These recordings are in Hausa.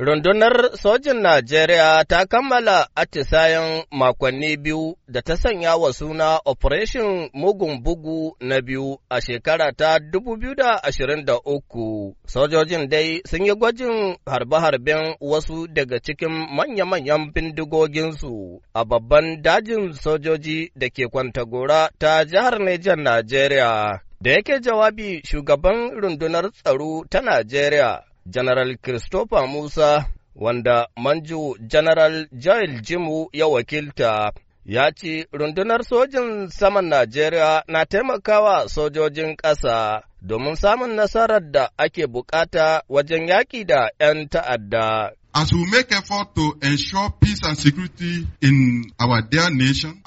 Rundunar sojin Najeriya ta kammala atisayen makonni biyu da ta sanya wa suna Operation Mugun Bugu na biyu a shekara ta 2023. Sojojin dai sun yi gwajin harbe-harben wasu daga cikin manya-manyan bindigoginsu a babban dajin sojoji da ke Kwantagora ta jihar Nijar Najeriya. Da yake jawabi shugaban rundunar tsaro ta Najeriya, General Christopher Musa, wanda manju General Jail Jimu ya wakilta, ya ce rundunar sojin saman Najeriya na taimakawa sojojin ƙasa domin samun nasarar da ake bukata wajen yaƙi da ‘yan ta'adda.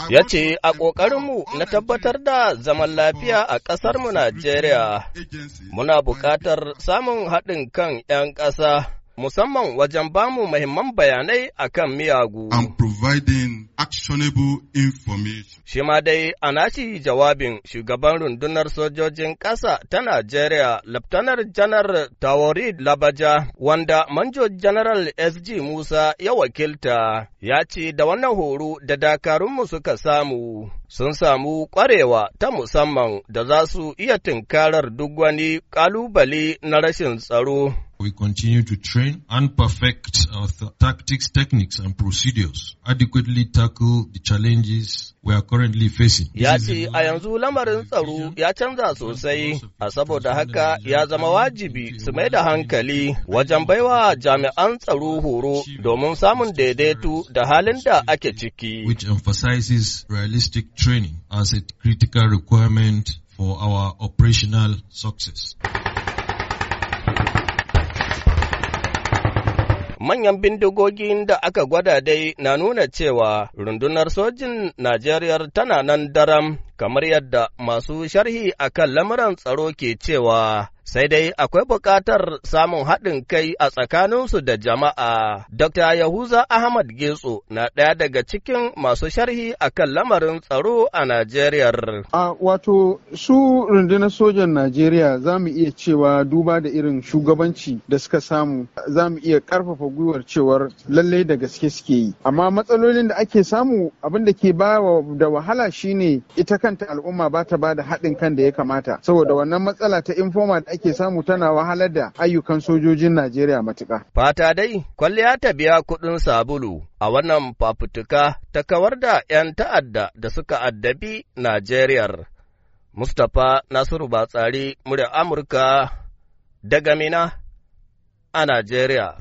Ya ce, A mu na tabbatar da zaman lafiya a mu Najeriya, muna buƙatar samun haɗin kan ‘yan ƙasa, musamman wajen bamu muhimman bayanai akan miyagu. providing actionable information. Shi ma dai a nashi jawabin shugaban rundunar sojojin ƙasa ta Najeriya, Laftanar Janar Tawarid Labaja, wanda Manjo General SG Musa ya wakilta, ya ce da wannan horo da dakarunmu suka samu. sun samu ƙwarewa ta musamman da za su iya tunkarar duk wani ƙalubale na rashin tsaro we continue to train and perfect our tactics, techniques and procedures, adequately tackle the challenges we are currently facing. Ya ce a yanzu lamarin tsaro ya canza sosai, a saboda haka ya zama wajibi su mai da hankali wajen baiwa jami'an tsaro horo domin samun daidaito da halin da ake ciki. Which emphasizes realistic training as a critical requirement for our operational success. Manyan bindigogin da aka gwada dai na nuna cewa rundunar sojin Najeriya tana nan daram kamar yadda masu sharhi a kan lamuran tsaro ke cewa sai dai akwai buƙatar samun haɗin kai a tsakaninsu da jama'a. Dr. Yahuza Ahmad Getso na ɗaya daga cikin masu sharhi a kan lamarin tsaro a Najeriya. A wato su rundunar sojan Najeriya za mu iya cewa duba da irin shugabanci da suka samu za mu iya ƙarfafa gwiwar cewar lallai da gaske suke yi. Amma matsalolin da ake samu abin da ke ba da wahala shine ita kanta al'umma ba ta ba da haɗin kan da ya kamata saboda wannan matsala ta informa da ake samu tana wahalar da ayyukan sojojin Najeriya matuƙa. Fata dai kwalliya ta biya kuɗin sabulu a wannan fafutuka ta kawar da 'yan ta'adda da suka addabi Najeriya. Mustapha Nasiru Batsari, murya Amurka daga Mina a Najeriya.